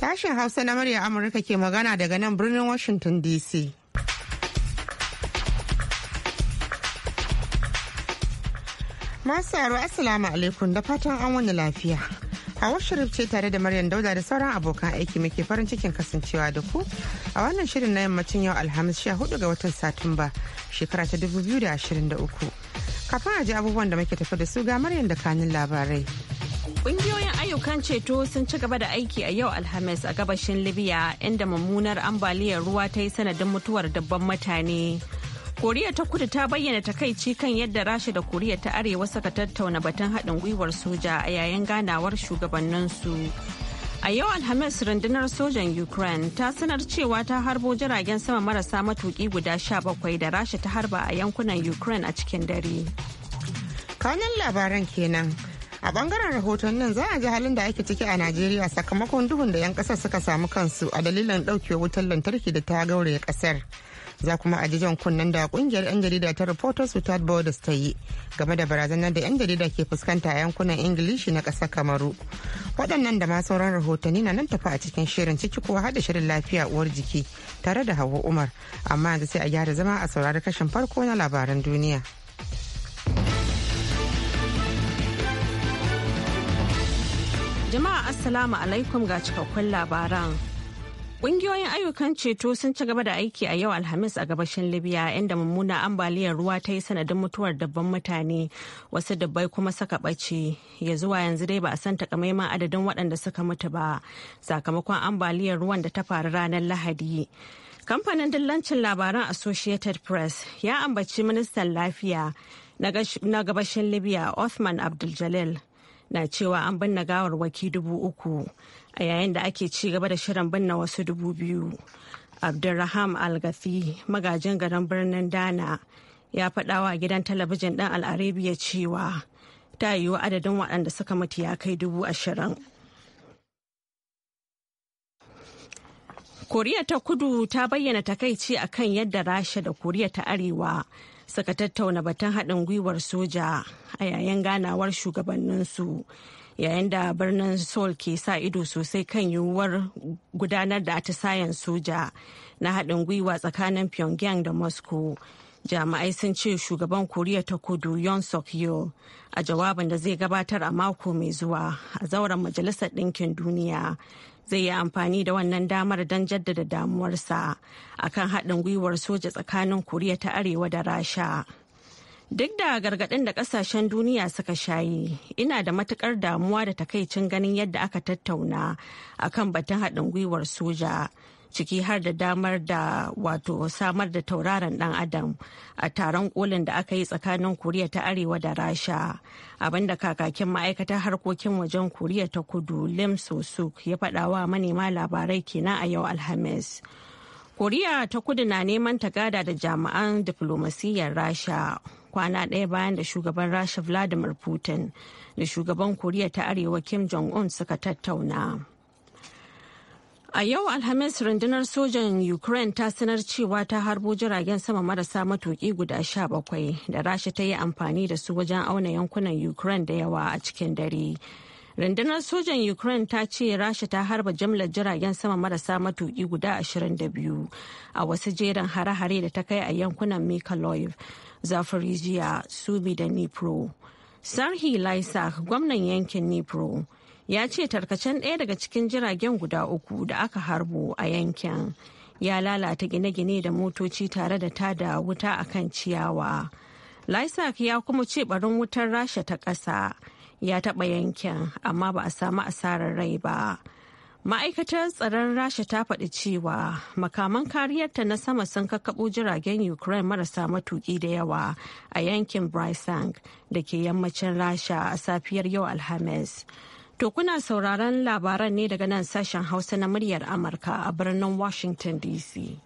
Sashen Hausa na murya Amurka ke magana daga nan birnin Washington DC. Masu yaro Assalamu alaikum da fatan an wani lafiya. Hawa shirin ce tare da Maryam Dauda da sauran abokan aiki muke farin cikin kasancewa da ku a wannan shirin na yammacin yau Alhamis hudu ga watan Satumba shekara ta dubu biyu da da ashirin uku Kafin a ji abubuwan da muke tafi da su ga Maryam da kanin labarai. ƙungiyoyin ayyukan ceto sun ci gaba da aiki a yau Alhamis a gabashin Libya inda mummunar ambaliyar ruwa ta yi sanadin mutuwar dabban mutane. koriya ta kudu ta bayyana takaici kan yadda rasha da koriya ta arewa suka tattauna batun haɗin gwiwar soja a yayin ganawar shugabanninsu a yau alhamis rundunar sojan ukraine ta sanar cewa ta harbo jiragen sama marasa matuki guda 17 da rasha ta harba a yankunan ukraine a cikin dare kanan labaran kenan a bangaren rahoton nan za a ji halin da ake ciki a najeriya sakamakon duhun da 'yan kasar suka samu kansu a dalilin ɗaukewar wutar lantarki da ta gauraya kasar za kuma a jijon kunnen da kungiyar 'yan jarida ta reporters without borders ta yi game da barazanar da 'yan jarida ke fuskanta a yankunan ingilishi na ƙasar kamaru waɗannan da ma sauran rahotanni na nan tafi a cikin shirin ciki kuwa hada shirin lafiya uwar jiki tare da hawa umar amma yanzu sai a gyara zama a saurari kashin farko na labaran duniya jama'a assalamu alaikum ga cikakkun labaran Ƙungiyoyin ayyukan ceto sun ci gaba da aiki a yau Alhamis a gabashin Libya inda mummuna ambaliyar ruwa ta yi sanadin mutuwar dabban mutane wasu dabbai kuma saka ɓace ya zuwa yanzu dai ba a san takamaiman adadin waɗanda suka mutu ba sakamakon ambaliyar ruwan da ta faru ranar Lahadi. Kamfanin dillancin labaran Associated Press ya ambaci ministan lafiya na gabashin Libya Othman Abdul Jalil na cewa an binne gawarwaki dubu uku a yayin da ake ci gaba da shirin binne wasu dubu biyu abdulraham algafi magajin garin birnin dana ya faɗawa gidan talabijin ɗin al'arabiya cewa ta yiwu adadin waɗanda suka mutu ya kai dubu ashirin koriya ta kudu ta bayyana takaici akan yadda rasha da koriya ta arewa suka tattauna batun haɗin gwiwar soja a yayin ganawar shugabanninsu yayin da birnin sol ke sa ido sosai kan yiwuwar gudanar da atisayen soja na haɗin gwiwa tsakanin pyongyang da moscow jami'ai sun ce shugaban koriya ta kudu yon suk a jawabin da zai gabatar a mako mai zuwa a zauren majalisar ɗinkin duniya zai yi amfani da wannan damar don jaddada damuwarsa akan haɗin gwiwar soja tsakanin koriya ta arewa da rasha duk da gargaɗin da ƙasashen duniya suka shayi ina da matukar damuwa da takaicin ganin yadda aka tattauna akan batun haɗin gwiwar soja ciki har da damar da wato samar da tauraron dan adam a taron kolin da aka yi tsakanin koriya ta arewa da rasha abinda kakakin ma'aikatar harkokin wajen koriya ta kudu lim sosuk ya faɗawa manema labarai kenan a yau alhamis koriya ta kudu na neman ta gada da jami'an diflomasiyyar rasha kwana ɗaya bayan da shugaban rasha vladimir putin da shugaban koriya ta arewa kim jong-un suka tattauna. A yau Alhamis rundunar sojan Ukraine ta sanar cewa ta harbo jiragen sama marasa matuki guda sha bakwai da rasha ta yi amfani da su wajen auna yankunan Ukraine da yawa a cikin dare. Rundunar sojan Ukraine ta ce rasha ta harba jimlar jiragen sama marasa matuki guda ashirin da biyu a wasu jerin hare-hare da ta kai a yankunan Mykolaiv, Zaporizhia, Subi da nipro Sarhi Laisak, gwamnan yankin nipro ya ce tarkacen ɗaya daga cikin jiragen guda uku da aka harbo a yankin ya lalata gine-gine da motoci tare da ta tada wuta a kan ciyawa. Lysak ya kuma ce barin wutar rasha ta ƙasa ya taɓa yankin amma ba a samu asarar rai ba. Ma'aikatar tsaron rasha ta faɗi cewa makaman kariyarta na sama sun kakkaɓo jiragen Ukraine marasa matuƙi da yawa a yankin Brysang da ke yammacin rasha a safiyar yau Alhamis. To kuna sauraron labaran ne daga nan sashen Hausa na muryar Amurka a birnin Washington DC.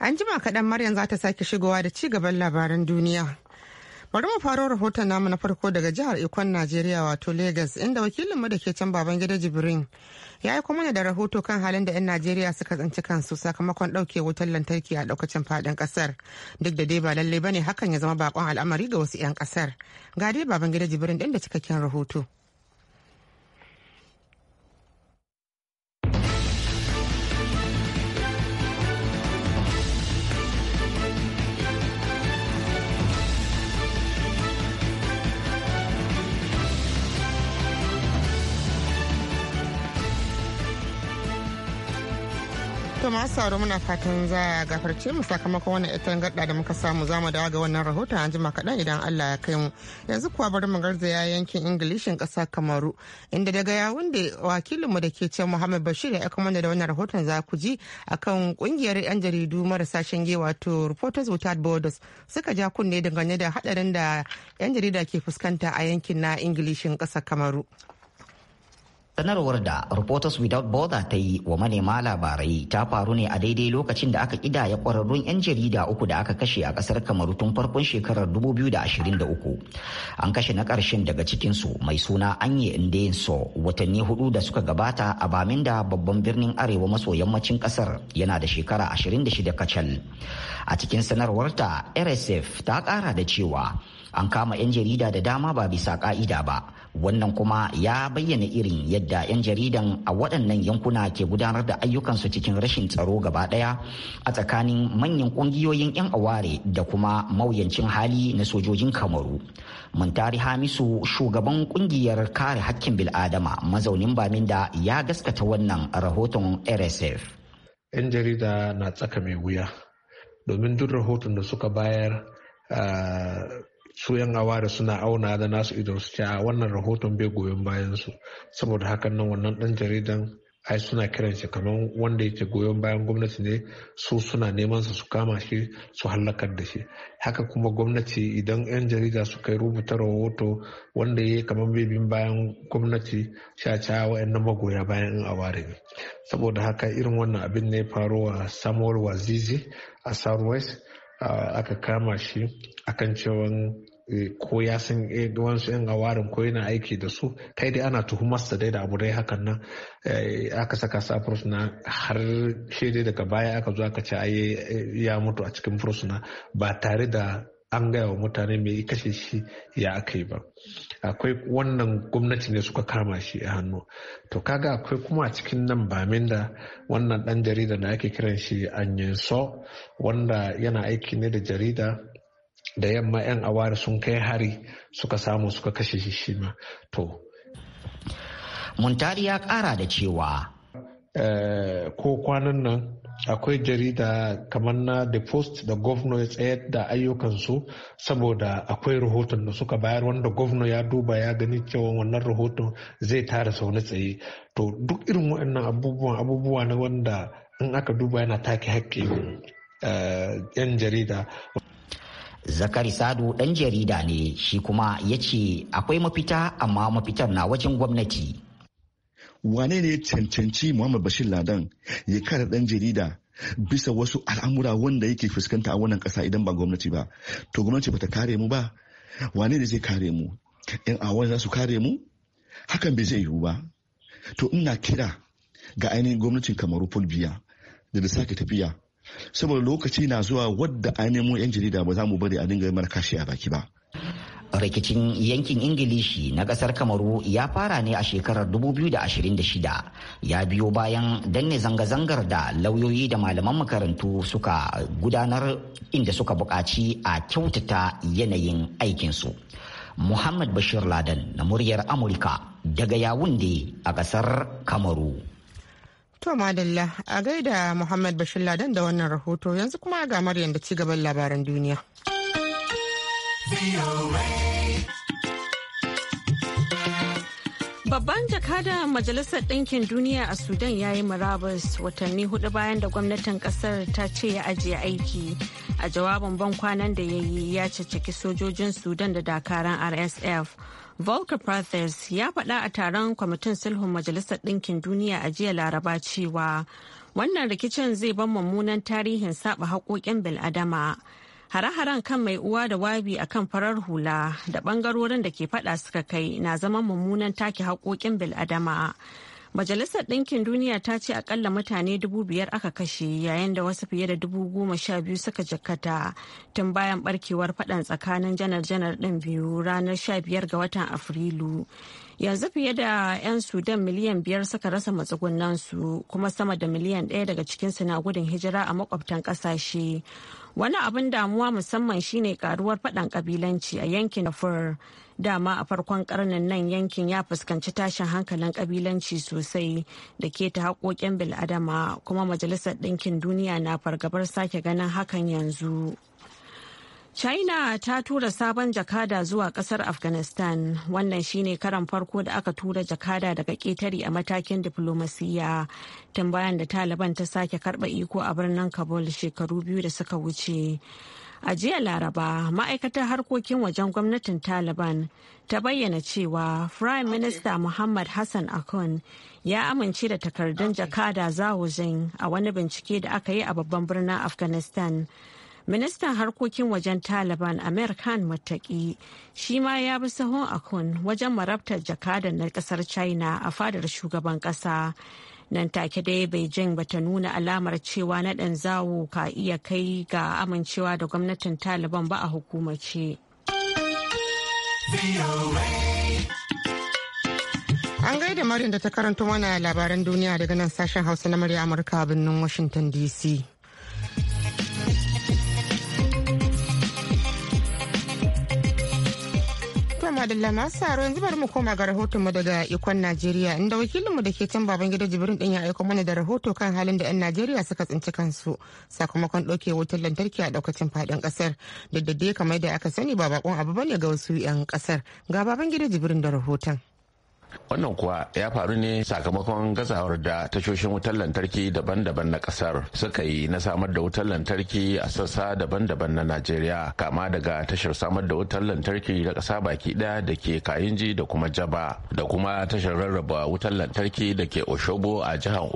An jima kaɗan Maryam za ta sake shigowa da ci gaban labaran duniya. Bari mu faro rahoton namu na farko daga jihar Ikon Najeriya wato lagos inda wakilinmu da ke can baban gida Jibrin ya yi kuma da rahoto kan halin da 'yan Najeriya suka tsinci kansu sakamakon ɗauke wutar lantarki a ɗaukacin faɗin kasar Duk da dai ba lallai bane hakan ya zama bakon al'amari ga wasu 'yan ƙasar. Ga dai baban gida Jibrin ɗin da cikakken rahoto. to masu sauro muna fatan za a gafarce mu sakamakon wani ita gadda da muka samu za mu dawo ga wannan rahoton an jima kaɗan idan Allah ya kai mu yanzu kuwa bari mu garzaya yankin ingilishin ƙasa kamaru inda daga yawun da mu da ke ce Muhammad Bashir ya aika mana da wannan rahoton za ku ji akan kungiyar 'yan jaridu marasa shinge wato Reporters Without Borders suka ja kunne dangane da haɗarin da 'yan jarida ke fuskanta a yankin na ingilishin ƙasa kamaru. sanarwar da reporters without border ta yi wa manema labarai ta faru ne a daidai lokacin da aka ƙidaya kwararrun 'yan jarida uku da aka kashe a kasar kamaru tun farkon shekarar 2023 an kashe na karshen daga cikinsu mai suna anye ndenso watanni hudu da suka gabata a baminda babban birnin arewa maso yammacin kasar yana da shekara 26 kacal a cikin sanarwarta rsf ta kara da cewa an kama 'yan jarida da dama ba bisa ka'ida ba wannan kuma ya bayyana irin yadda 'yan jaridan a waɗannan yankuna ke gudanar da ayyukansu cikin rashin tsaro gaba ɗaya a tsakanin manyan ƙungiyoyin 'yan aware da kuma mauyancin hali na sojojin kamaru muntari hamisu shugaban ƙungiyar kare hakkin bil'adama mazaunin baminda ya gaskata wannan rahoton rsf 'yan jarida na tsaka mai wuya domin duk rahoton da suka bayar ah, su yan awara suna auna da nasu idan su a wannan rahoton bai goyon bayan su saboda hakan nan wannan dan jaridan ai suna kiran shi kamar wanda yake goyon bayan gwamnati ne su suna neman su kama shi su hallakar da shi haka kuma gwamnati idan 'yan jarida su yi rubuta rahoto wanda ya yi kamar bin bayan gwamnati sha ca wayannan magoya bayan in aware ne saboda haka irin wannan abin ne faruwa samuwar wazizi a southwest aka kama shi akan cewa Eh, ko ya san eh, wasu yan awarin ko yana aiki da su kai dai ana tuhumarsa dai da abu dai hakan nan eh, aka saka sa fursuna har shi dai daga baya aka zo aka ce ya mutu a cikin fursuna ba tare da an gaya wa mutane mai kashe shi ya aka yi ba akwai wannan gwamnati ne suka kama shi a hannu to kaga akwai kuma a cikin nan ba min da wannan dan jarida da ake kiran shi anyenso wanda yana aiki ne da jarida da yamma 'yan awari sun kai hari suka samu suka kashe shi ma to muntari ya kara da cewa eh, ko kwanan nan akwai jarida kamar na the post da gwamna ya tsayar da ayyukansu saboda akwai rahoton da suka bayar wanda gwamna ya duba ya gani cewa wannan rahoton zai tara sau na tsaye to duk irin waɗannan abubuwan abubuwa na wanda in aka duba yana take hakki, 'yan eh, jarida zakari sadu ɗan jarida ne shi kuma ya ce akwai mafita amma mafitar na wajen gwamnati wane ne cancanci muhammad bashir ladan ya kare ɗan jarida bisa wasu al'amura wanda yake fuskanta a wannan ƙasa idan ba gwamnati ba to gwamnati ba ta kare mu ba wane ne zai kare mu yan awon za su kare mu hakan bai zai yiwu ba to ina kira ga ainihin gwamnatin kamaru fulbiya da da sake tafiya saboda lokaci na zuwa wadda ainihin mu 'yan jarida ba za mu bari a dinga mara markashi a baki ba rikicin yankin ingilishi na kasar kamaru ya fara ne a shekarar 2026 ya biyo bayan danne zanga-zangar da lauyoyi da malaman makarantu suka gudanar inda suka buƙaci a kyautata yanayin aikinsu muhammad bashir laden na muryar amurka daga yawun a kasar kamaru To madalla a gaida Muhammad Bashir Ladan da wannan rahoto yanzu kuma ga Maryam da cigaban labaran duniya. Babban jakada Majalisar Ɗinkin Duniya a Sudan ya yi murabus watanni hudu bayan da gwamnatin ƙasar ta ce ya ajiye aiki. A jawabin ban kwanan da ya yi ya ceceki sojojin Sudan da dakaran RSF. Volker Prathers ya faɗa a taron kwamitin sulhun Majalisar Ɗinkin Duniya a jiya Laraba cewa wannan rikicin zai ban mummunan tarihin saba haƙoƙin bil'adama. Hare-haren kan mai uwa da wabi a kan farar hula da ɓangarorin da ke faɗa suka kai na zama mummunan take haƙoƙin bil'adama. Majalisar Ɗinkin Duniya ta ce akalla mutane dubu biyar aka kashe yayin da wasu fiye da dubu goma sha biyu suka jakkata tun bayan barkewar faɗan tsakanin janar-janar ɗin biyu ranar sha biyar ga watan Afrilu. yanzu fiye da 'yan sudan miliyan biyar suka rasa matsugunan su kuma sama da miliyan ɗaya daga cikin na gudun hijira a makwabtan ƙasashe wani abin damuwa musamman shine karuwar faɗan ƙabilanci a yankin darfur dama a farkon karnin nan yankin ya fuskanci tashin hankalin ƙabilanci sosai da ke ta haƙoƙin bil'adama kuma majalisar ɗinkin duniya na fargabar sake ganin hakan yanzu. China ta tura sabon jakada zuwa kasar Afghanistan wannan shine karan farko da aka tura jakada daga ƙetare a matakin diflomasiyya tun bayan da Taliban ta sake karɓa iko a birnin Kabul shekaru biyu da suka wuce. A jiya Laraba, ma'aikatar harkokin wajen gwamnatin Taliban ta bayyana cewa Prime Minister Muhammad Hassan Akun ya amince da takardun jakada Zawo a wani bincike da aka yi a babban birnin Afghanistan. ministan harkokin wajen taliban amir khan mataki shi ma ya bi sahun akun wajen marabtar jakadan na kasar china a fadar shugaban kasa nan take dai beijing bata nuna alamar cewa naɗin zawo ka iya kai ga amincewa da gwamnatin taliban ba a hukumace an gaida marin da ta karanta mana labaran duniya daga nan sashen hausa na murya amurka a birnin washington dc madalla masu saro yanzu bari mu koma ga rahoton mu daga ikon Najeriya inda wakilinmu da ke can baban gida Jibrin din ya aiko mana da rahoto kan halin da 'yan Najeriya suka tsinci kansu sakamakon ɗauke wutar lantarki a ɗaukacin faɗin ƙasar da dai kamar da aka sani ba bakon abu bane ga wasu 'yan kasar ga baban gida Jibrin da rahoton. Wannan kuwa ya faru ne sakamakon gazawar da tashoshin wutar lantarki daban-daban na kasar suka yi na samar da wutar lantarki a sassa daban-daban na Najeriya kama daga tashar samar da wutar lantarki da kasa baki daya da ke Kayinji da kuma Jaba da kuma tashar rarraba wutar lantarki da ke Oshobo a jihar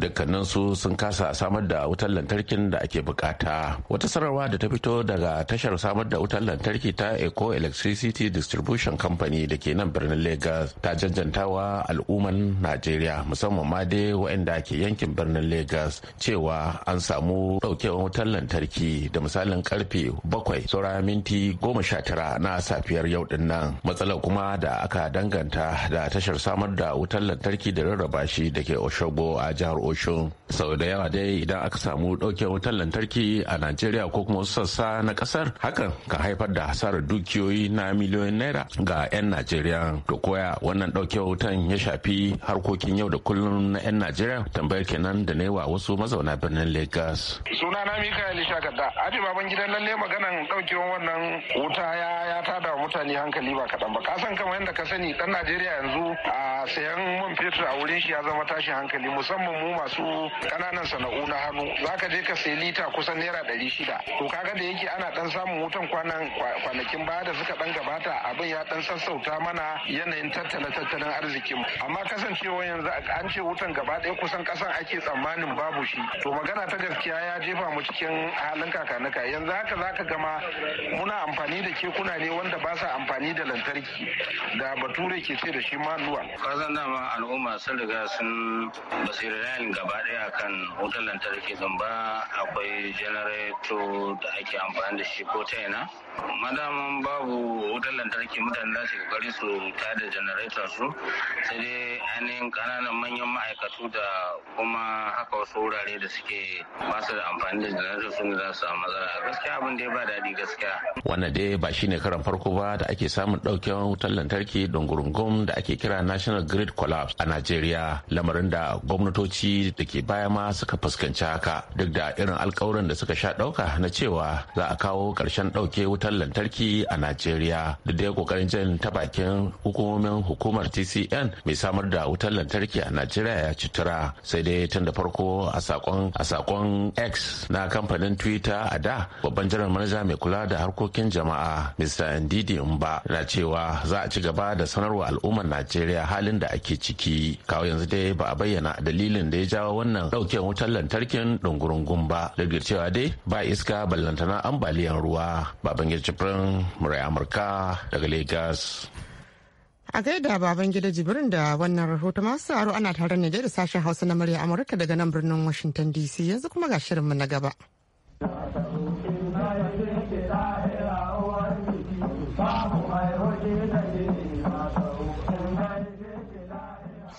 dukkanin su sun kasa samar da wutar lantarkin da ake bukata. Wata sararwa da ta fito daga tashar samar da wutar lantarki ta Eco Electricity Distribution Company da ke nan birnin Lagos ta jajjantawa al'umman najeriya musamman ma dai waɗanda ke yankin birnin lagos cewa an samu ɗaukewar wutar lantarki da misalin karfe bakwai saura minti goma sha tara na safiyar yau din nan matsalar kuma da aka danganta da tashar samar da wutar lantarki da rarraba shi da ke oshogo a jihar oshun sau da yawa dai idan aka samu ɗaukewar wutar lantarki a najeriya ko kuma wasu sassa na ƙasar hakan kan haifar da hasarar dukiyoyi na miliyoyin naira ga 'yan najeriya to koya wannan wannan ɗauke wutan ya shafi harkokin yau da kullum na 'yan najeriya tambayar kenan da na wasu mazauna birnin lagos suna sunana mikael shagada aji baban gidan lalle maganan ɗaukewan wannan wuta ya ya tada mutane hankali ba kaɗan ba kasan kamar yadda ka sani ɗan najeriya yanzu a sayan man fetur a wurin shi ya zama tashi hankali musamman mu masu ƙananan sana'u na hannu za ka je ka sayi lita kusan naira ɗari shida to kaga da yake ana ɗan samun wutan kwanakin baya da suka dan gabata abin ya dan sassauta mana yanayin tattalin tattalin arzikin amma kasancewa yanzu an ce wutan gaba ɗaya kusan ƙasan ake tsammanin babu shi to magana ta gaskiya ya jefa mu cikin halin kakanuka yanzu haka za ka gama muna amfani da kekuna ne wanda ba sa amfani da lantarki da bature ke ce da shi manuwa kazan dama al'umma sun riga sun basirayen gaba ɗaya kan wutan lantarki zan ba akwai janareto da ake amfani da shi ko ta ina madaman babu wutar lantarki mutane za su kokari su ta da janareta su sai dai ainihin kananan manyan ma'aikatu da kuma haka wasu wurare da suke basu da amfani da janareta su ne za su samu matsala gaskiya abin da ya ba daɗi gaskiya. wannan dai ba shine karan farko ba da ake samun ɗauken wutar lantarki dungurungum da ake kira national grid collapse a nigeria lamarin da gwamnatoci da ke baya ma suka fuskanci haka duk da irin alkawuran da suka sha ɗauka na cewa za a kawo ƙarshen ɗauke wutar wutar lantarki a najeriya da dai kokarin jan ta bakin hukumomin hukumar tcn mai samar da wutar lantarki a najeriya ya ci tura sai dai tun da farko a sakon a sakon x na kamfanin twitter a da babban jiran manaja mai kula da harkokin jama'a mr ndidi mba na cewa za a ci gaba da sanarwa al'ummar najeriya halin da ake ciki kawo yanzu dai ba a bayyana dalilin da ya jawo wannan ɗauke wutar lantarkin dungurungun ba duk da cewa dai ba iska ballantana ambaliyan ruwa babangida jibrin murai amurka daga lagos a gaida baban gida jibrin da wannan rahoto masu aro ana tare ne da sashen hausa na murya amurka daga nan birnin washington dc yanzu kuma ga shirinmu na gaba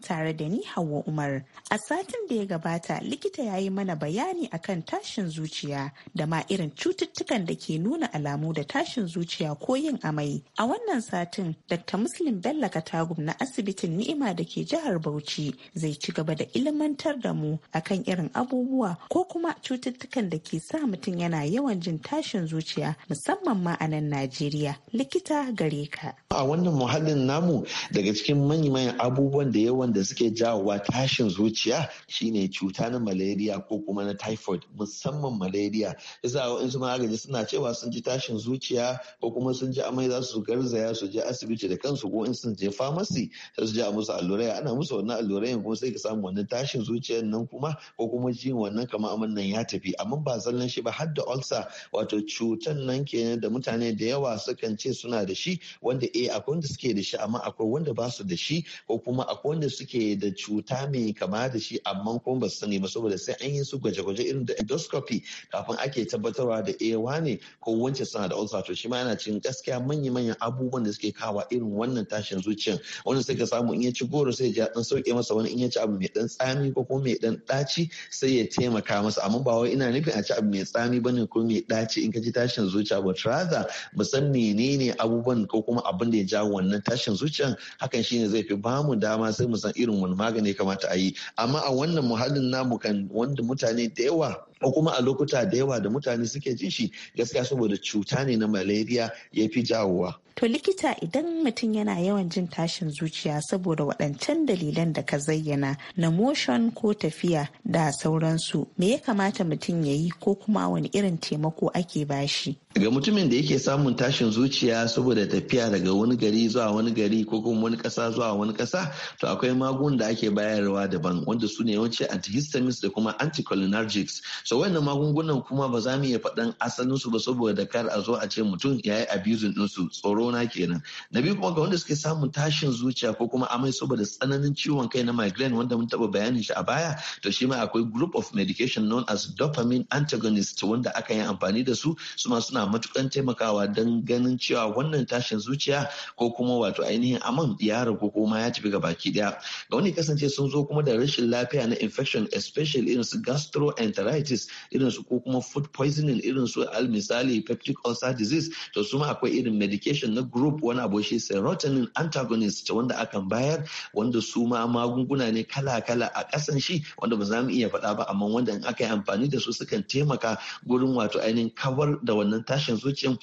tare da ni Hauwa Umar. A satin da ya gabata likita ya yi mana bayani akan tashin zuciya da ma irin cututtukan da ke nuna alamu da tashin zuciya ko yin amai. A wannan satin Dr. Muslim Bello Katagum na asibitin Ni'ima da ke jihar Bauchi zai ci gaba da ilimantar da mu akan irin abubuwa ko kuma cututtukan da ke sa mutum yana yawan jin tashin zuciya musamman ma a nan Najeriya. Likita gare ka. A wannan muhallin namu daga cikin manya-manyan abubuwan da yawan Wanda da suke jawowa tashin zuciya shine cuta na malaria ko kuma na typhoid musamman malaria yasa su magani suna cewa sun ji tashin zuciya ko kuma sun ji amai za su garzaya su je asibiti da kansu ko in sun je famasi sai su je a musu allurai ana musu wannan allurai kuma sai ka samu wannan tashin zuciyar nan kuma ko kuma jin wannan kamar aman nan ya tafi amma ba zallan shi ba har da ulcer wato cutan nan kenan da mutane da yawa sukan ce suna da shi wanda eh akwai wanda suke da shi amma akwai wanda ba su da shi ko kuma akwai wanda suke da cuta mai kama da shi amma kuma ba su sani ba saboda sai an yi su gwaje-gwaje irin da endoscopy kafin ake tabbatarwa da ewa eh, ne ko wancan suna da ulcer to shi ma yana cikin gaskiya manya-manyan abubuwan da suke kawa irin wannan tashin zuciyan wanda suka samu in ya ci goro sai ya dan sauke masa wani in ya ci abu mai dan tsami ko kuma mai dan daci sai ya taimaka masa amma ba wai ina nufin a ci abu mai tsami bane ko mai daci in ka ji tashin zuciya ba traza ba san menene abubuwan ko kuma abin da ya jawo wannan tashin zuciyan hakan shine zai fi bamu dama sai mu san irin wani magani kamata a yi amma a wannan muhallin namu kan wanda mutane da yawa ko kuma a lokuta da yawa da mutane suke jin shi gaskiya saboda cuta ne na malaria ya fi jawowa To likita idan mutum yana yawan jin tashin zuciya saboda waɗancan dalilan da ka zayyana na motion ko tafiya da sauransu me ya kamata mutum ya yi ko kuma wani irin taimako ake bashi? Ga mutumin da yake samun tashin zuciya saboda tafiya daga wani gari zuwa wani gari ko kuma wani ƙasa zuwa wani ƙasa to akwai magungunan da ake bayarwa daban wanda su ne yawanci antihistamines da kuma anticholinergics. So wannan magungunan kuma ba za mu iya faɗan asalinsu ba saboda kar a zo a ce mutum ya yi abusing ɗinsu tsoro mazauna kenan na biyu kuma ga wanda suke samun tashin zuciya ko kuma amai saboda tsananin ciwon kai na migraine wanda mun taba bayanin shi a baya to shi ma akwai group of medication known as dopamine antagonist wanda aka yi amfani da su ma suna matukan taimakawa don ganin cewa wannan tashin zuciya ko kuma wato ainihin aman ya ragu ko kuma ya tafi ga baki daya ga wani kasance sun zo kuma da rashin lafiya na infection especially irin su gastroenteritis irin su ko kuma food poisoning irin su al misali peptic ulcer disease to ma akwai irin medication na group wani abu shi serotonin antagonist wanda akan bayar wanda su ma magunguna ne kala-kala a ƙasan shi wanda ba za mu iya faɗa ba amma wanda in aka yi amfani da su sukan taimaka gurin wato ainihin kawar da wannan tashin zuciyan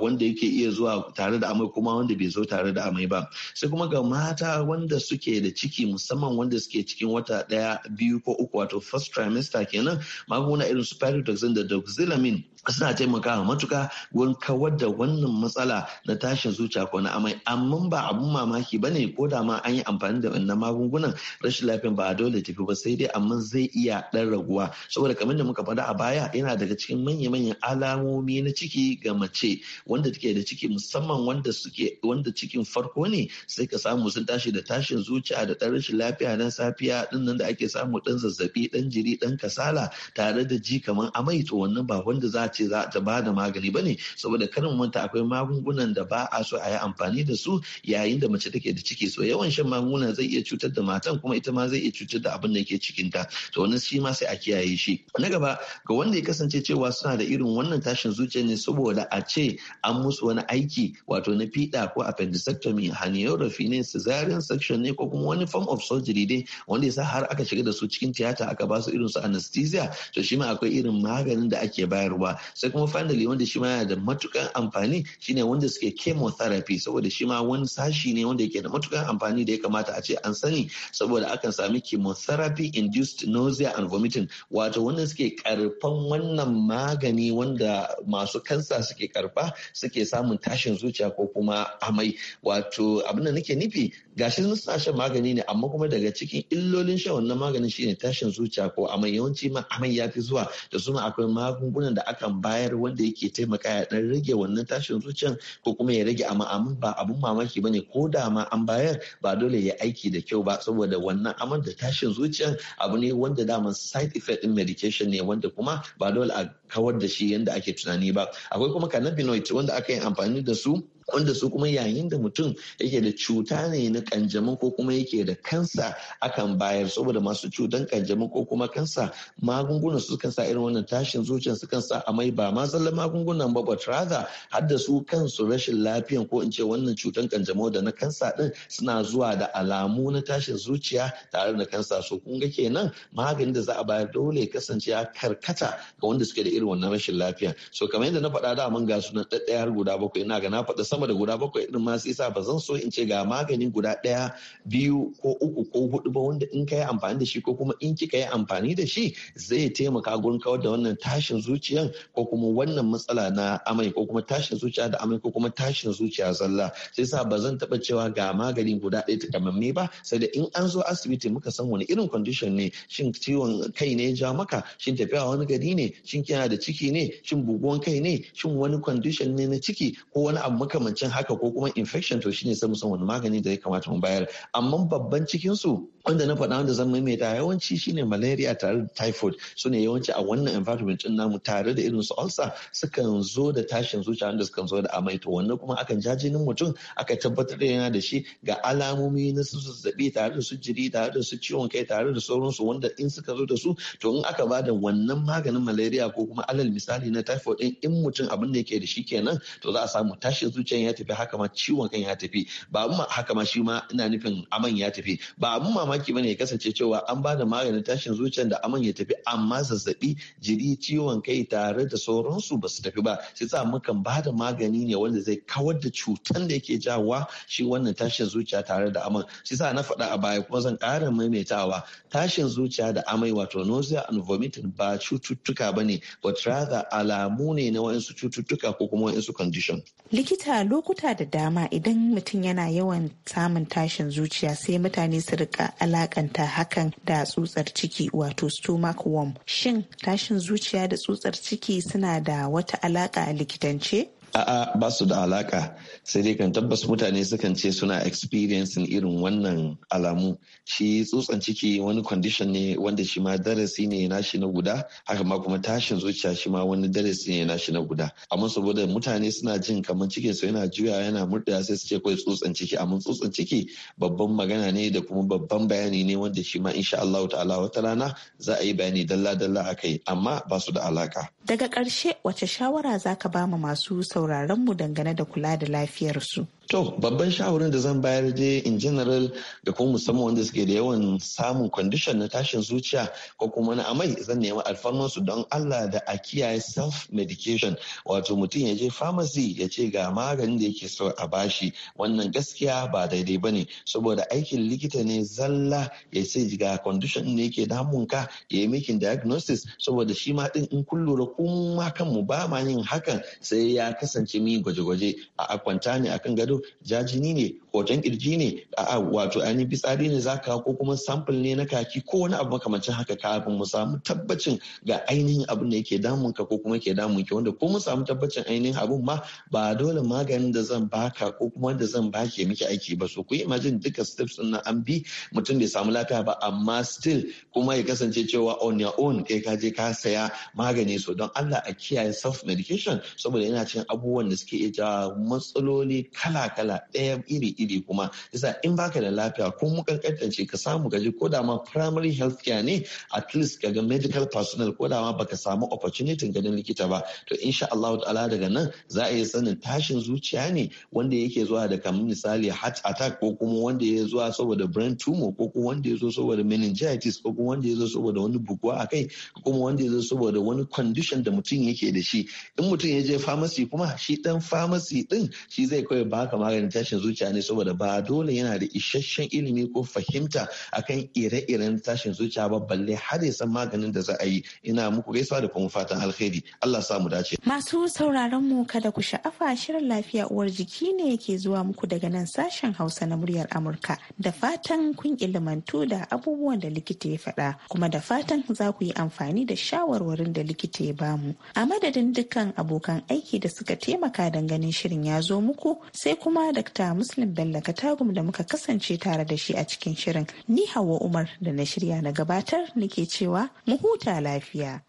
wanda yake iya zuwa tare da amai kuma wanda bai zo tare da amai ba sai kuma ga mata wanda suke da ciki musamman wanda suke cikin wata ɗaya biyu ko uku wato first trimester kenan magunguna irin su pyridoxine da doxylamine suna taimakawa matuka wurin kawar da wannan matsala na tashin zuciya ko na amai amma ba abun mamaki ba ne ko da ma an yi amfani da wannan magungunan rashin lafiyan ba dole tafi ba sai dai amma zai iya dan raguwa saboda kamar da muka faɗa a baya yana daga cikin manya-manyan alamomi na ciki ga mace wanda take da ciki musamman wanda suke wanda cikin farko ne sai ka samu sun tashi da tashin zuciya da dan rashin lafiya na safiya din nan da ake samu dan zazzabi dan jiri dan kasala tare da ji kamar amai to wannan ba wanda za ce za ta ba da magani ba ne saboda karin manta akwai magungunan da ba a so a yi amfani da su yayin da mace take da ciki so yawan shan magunguna zai iya cutar da matan kuma ita ma zai iya cutar da abin da yake cikinta to wannan shi ma sai a kiyaye shi na gaba ga wanda ya kasance cewa suna da irin wannan tashin zuciya ne saboda a ce an musu wani aiki wato na fiɗa ko appendectomy haniography ne cesarean section ne ko kuma wani form of surgery dai wanda ya sa har aka shiga da su cikin tiyata aka ba su irin su anesthesia to shi ma akwai irin maganin da ake bayarwa sai kuma finally wanda shi ma yana da matukan amfani shine wanda suke chemotherapy saboda shi ma wani sashi ne wanda yake da matukan amfani da ya kamata a ce an sani saboda akan sami chemotherapy induced nausea and vomiting wato wanda suke karfan wannan magani wanda masu kansa suke karfa suke samun tashin zuciya ko kuma amai wato abin da nake nufi gashi suna shan magani ne amma kuma daga cikin illolin shan wannan maganin shine tashin zuciya ko amai yawanci ma amai ya fi zuwa da suma akwai magungunan da aka an bayar wanda yake taimaka ya dan rage wannan tashin zuciyan ko kuma ya rage amma amin ba abun mamaki ne ko da ma an bayar ba dole ya aiki da kyau ba saboda wannan aman da tashin zuciyan abu ne wanda daman side effect din medication ne wanda kuma ba dole a kawar da shi yanda ake tunani ba akwai kuma cannabinoid wanda aka yi amfani da su wanda su kuma yayin da mutum yake da cuta ne na kanjamin ko kuma yake da kansa akan bayar saboda masu cutan kanjamin ko kuma kansa magungunan su kan sa irin wannan tashin zuciya su kan sa amai ba ma zalla magungunan ba but rather har da su kansu rashin lafiyan ko in ce wannan cutan kanjamau da na kansa din suna zuwa da alamu na tashin zuciya tare da kansa so kun ga kenan maganin da za a bayar dole kasance ya karkata ga wanda suke da irin wannan rashin lafiya so kamar yadda na faɗa da mun ga sunan ɗaɗɗaya har guda bakwai ina ga na faɗa sama sama da guda bakwai irin ma isa sa ba zan so in ce ga magani guda ɗaya biyu ko uku ko hudu ba wanda in ka yi amfani da shi ko kuma in kika yi amfani da shi zai taimaka gurin kawar da wannan tashin zuciyan ko kuma wannan matsala na amai ko kuma tashin zuciya da amai ko kuma tashin zuciya zalla sai sa ba zan taɓa cewa ga magani guda ɗaya takamamme ba sai da in an zo asibiti muka san wani irin condition ne shin ciwon kai ne ja maka shin tafiya wani gari ne shin kina da ciki ne shin buguwan kai ne shin wani condition ne na ciki ko wani abu matsanancin haka ko kuma infection to shine sai mu san wani magani da ya kamata mu bayar amma babban cikin su wanda na faɗa wanda zan maimaita yawanci shine malaria tare da typhoid su ne yawanci a wannan environment din namu tare da irin su ulcer sukan zo da tashin zuciya wanda sukan zo da amai to wannan kuma akan ja jinin mutum aka tabbatar da yana da shi ga alamomi na su zazzabi tare da su jiri tare da su ciwon kai tare da sauransu wanda in suka zo da su to in aka ba da wannan maganin malaria ko kuma alal misali na typhoid din in mutum abin da yake da shi kenan to za a samu tashin zuciya ya tafi haka ma ciwon kan ya tafi ba haka ma shi ma ina nufin aman ya tafi ba abin mamaki bane ya kasance cewa an ba da maganin tashin zuciyar da aman ya tafi amma zazzabi jiri ciwon kai tare da sauransu ba su tafi ba sai sa mukan ba da magani ne wanda zai kawar da cutan da yake jawa shi wannan tashin zuciya tare da aman shi sa na faɗa a baya kuma zan ƙara maimaitawa tashin zuciya da amai wato nausea and vomiting ba cututtuka bane but rather alamu ne na waɗansu cututtuka ko kuma waɗansu condition likita lokuta da dama idan mutum yana yawan samun tashin zuciya sai mutane su rika alakanta hakan da tsutsar ciki wato stomach worm. Shin tashin zuciya da tsutsar ciki suna da wata alaka a likitance? a'a ba su da alaka sai dai kan tabbas mutane sukan ce suna experiencing irin wannan alamu shi tsutsan ciki wani condition ne wanda shi ma darasi ne nashi na guda haka ma kuma tashin zuciya shi ma wani darasi ne nashi na guda amma saboda mutane suna jin kamar cikin su yana juya yana murɗa sai su ce kawai tsutsan ciki amma tsutsan ciki babban magana ne da kuma babban bayani ne wanda shi ma insha Allah ta'ala wata rana za a yi bayani dalla dalla akai amma ba su da alaka daga karshe wace shawara zaka ba masu sauraronmu dangane da kula da lafiyarsu. To babban shawarin da zan bayar dai in general da kuma musamman wanda suke da yawan samun condition na tashin zuciya ko kuma na amai zan nemi alfarman don Allah da a kiyaye self medication wato mutum ya je pharmacy ya ce ga maganin da yake so a bashi wannan gaskiya ba daidai ba ne saboda aikin likita ne zalla ya ce ga condition ne yake damun ka ya yi making diagnosis saboda shi ma din in kun lura kuma kanmu ba ma yin hakan sai ya kasance mi gwaje-gwaje a kwanta ne akan gado jajini ne hoton kirji ne a wato ainihin fitsari ne za ka ko kuma sampul ne na kaki ko wani abu makamancin haka kafin mu samu tabbacin ga ainihin abin da yake damun ka ko kuma yake damun ki wanda ko mu samu tabbacin ainihin abun ma ba dole maganin da zan baka ko kuma da zan baki miki aiki ba so ku yi imagine duka steps na an bi mutum bai samu lafiya ba amma still kuma ya kasance cewa on your own kai eh, ka je ka saya magani so don Allah a kiyaye self medication saboda yana cikin abubuwan da suke iya matsaloli kala kala ɗaya iri-iri kuma yasa in baka da lafiya ko mu kankantance ka samu gaji ko da ma primary health care ne at least ka ga medical personnel ko da ma baka samu opportunity ganin likita ba to insha Allah ta'ala daga nan za a yi sanin tashin zuciya ne wanda yake zuwa da kamar misali heart attack ko kuma wanda ya zuwa saboda brain tumor ko kuma wanda ya zo saboda meningitis ko kuma wanda ya zo saboda wani buguwa a kai ko kuma wanda ya zo saboda wani condition da mutum yake da shi in mutum ya je pharmacy kuma shi dan pharmacy din shi zai kawai baka maganin tashin zuciya ne saboda ba dole yana da isasshen ilimi ko fahimta akan ire-iren tashin zuciya ba balle har ya san maganin da za a yi ina muku gaisuwa da kuma fatan alheri Allah samu dace masu sauraron mu kada ku sha'afa shirin lafiya uwar jiki ne ke zuwa muku daga nan sashen Hausa na muryar Amurka da fatan kun ilimantu da abubuwan da likita ya faɗa kuma da fatan za ku yi amfani da shawarwarin da likita ya bamu a madadin dukkan abokan aiki da suka taimaka don ganin shirin ya zo muku sai kuma Dr. Muslim Bello Katagum da muka kasance tare da shi a cikin shirin. Ni Hawa Umar da na shirya na gabatar nake cewa mu huta lafiya.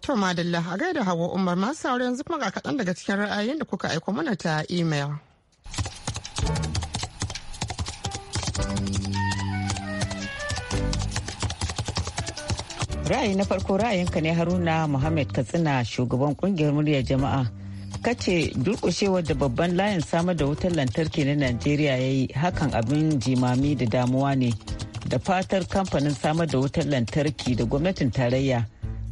tomadalla a gaida Hawa Umar masu sauran yanzu kuma ga kaɗan daga cikin ra'ayin da kuka aiko mana ta imel. ra'ayi na farko ra'ayinka ne haruna muhammad katsina shugaban kungiyar muryar jama'a kace durkushewar da babban layin samar da wutar lantarki na najeriya ya yi hakan abin jimami da damuwa ne da fatar kamfanin samar da wutar lantarki da gwamnatin tarayya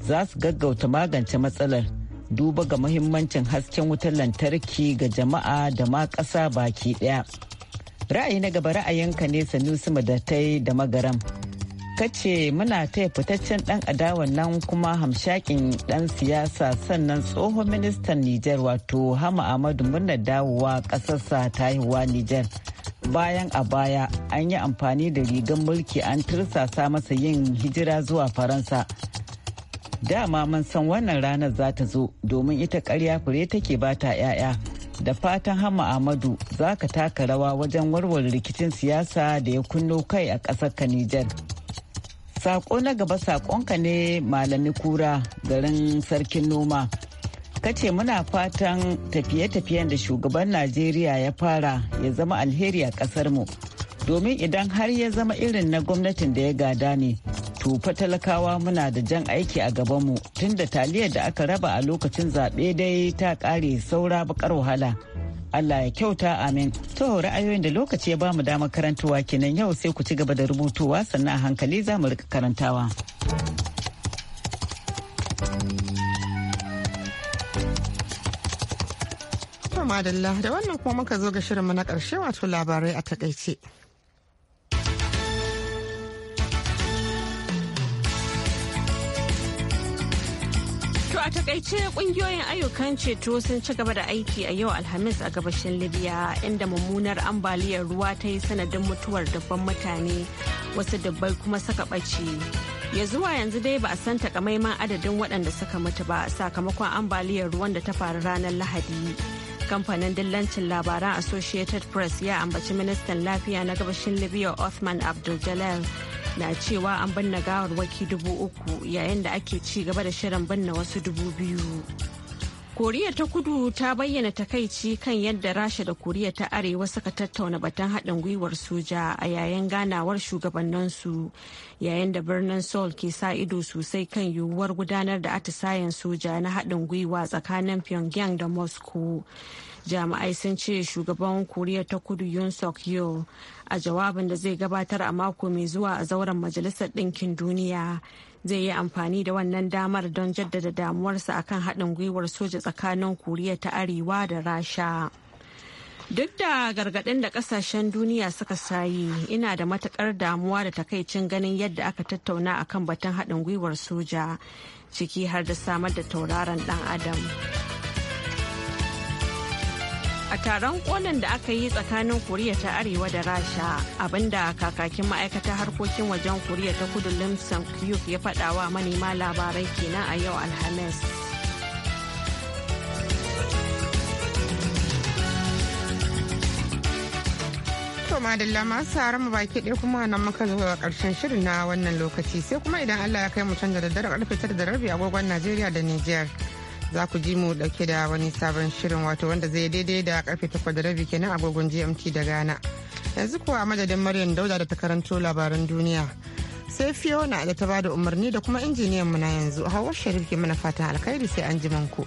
za su gaggauta magance matsalar duba ga muhimmancin hasken wutar lantarki ga jama'a da ma ƙasa baki daya ra'ayi na gaba ra'ayinka ne sanusi madatai da magaram kace muna taya fitaccen dan adawan nan kuma hamshakin dan siyasa sannan tsohon ministan Nijar wato Hama Ahmadu murna dawowa kasarsa ta haihuwa Nijar. Bayan a baya an yi amfani da rigan mulki an tursasa masa yin hijira zuwa Faransa. Dama mun san wannan ranar za ta zo domin ita karya fure take bata 'ya'ya. da fatan hama ahmadu za ka taka rawa wajen warware rikicin siyasa da ya kunno kai a ƙasar Nijar. Sako na gaba sakonka ne Malami Kura garin Sarkin Noma. Kace muna fatan tafiye-tafiyen da shugaban Najeriya ya fara ya zama alheri a mu Domin idan har ya zama irin na gwamnatin da ya gada ne, tufa talakawa muna da jan aiki a gabanmu tunda taliyar da aka raba a lokacin zaɓe dai ta ƙare saura baƙar wahala. Allah ya kyauta amin. To ra'ayoyin da lokaci ya bamu damar karantawa kenan yau sai ku ci gaba da rubutuwa sannan a hankali za mu rika karantawa. madalla da wannan kuma muka zo ga shirinmu na ƙarshe wato labarai a takaice. To a takaice kungiyoyin ayyukan ceto sun ci gaba da aiki a yau Alhamis a gabashin Libya inda mummunar ambaliyar ruwa ta yi sanadin mutuwar dabban mutane wasu dabbai kuma saka ɓace. Ya zuwa yanzu dai ba a san takamaiman adadin waɗanda suka mutu ba sakamakon ambaliyar ruwan da ta faru ranar Lahadi. Kamfanin dillancin labaran Associated Press ya ambaci ministan lafiya na gabashin Libya Othman Abdul Jalal na cewa an binne gawarwaki dubu uku yayin da ake ci gaba da shirin binne wasu dubu biyu. koriya ta kudu ta bayyana takaici kan yadda rasha da koriya ta arewa suka tattauna batun haɗin gwiwar soja a yayin ganawar shugabanninsu yayin da birnin seoul ke sa ido sosai kan yiwuwar gudanar da atisayen soja na haɗin gwiwa tsakanin pyongyang da moscow jami'ai sun ce shugaban koriya ta kudu yun sok a jawabin da zai gabatar a mako mai zuwa a zauren majalisar ɗinkin duniya zai yi amfani da wannan damar don jaddada damuwarsa akan haɗin gwiwar soja tsakanin koriya ta arewa da rasha duk da gargaɗin da ƙasashen duniya suka sayi ina da matuƙar damuwa da takaicin ganin yadda aka tattauna akan batun haɗin gwiwar soja ciki har da samar da tauraron ɗan adam a taron kolin da aka yi tsakanin koriya ta arewa da rasha abinda kakakin ma'aikatar harkokin wajen koriya ta kudu limson kyuk ya faɗawa manema labarai kenan a yau alhamis to madalla masu mu baki ɗaya kuma nan muka zo ga ƙarshen shirin na wannan lokaci sai kuma idan allah ya kai mu canza da dare karfe tara da rabi agogon najeriya da niger za ku ji mu dauke da wani sabon shirin wato wanda zai daidai da karfe takwas da rabi kenan agogon gmt da ghana yanzu kuwa madadin maryam dauda da ta karanto labaran duniya sai fiona da ta bada umarni da kuma injiniyan mu na yanzu hawa sharif ke mana fatan alkhairi sai an ji ku.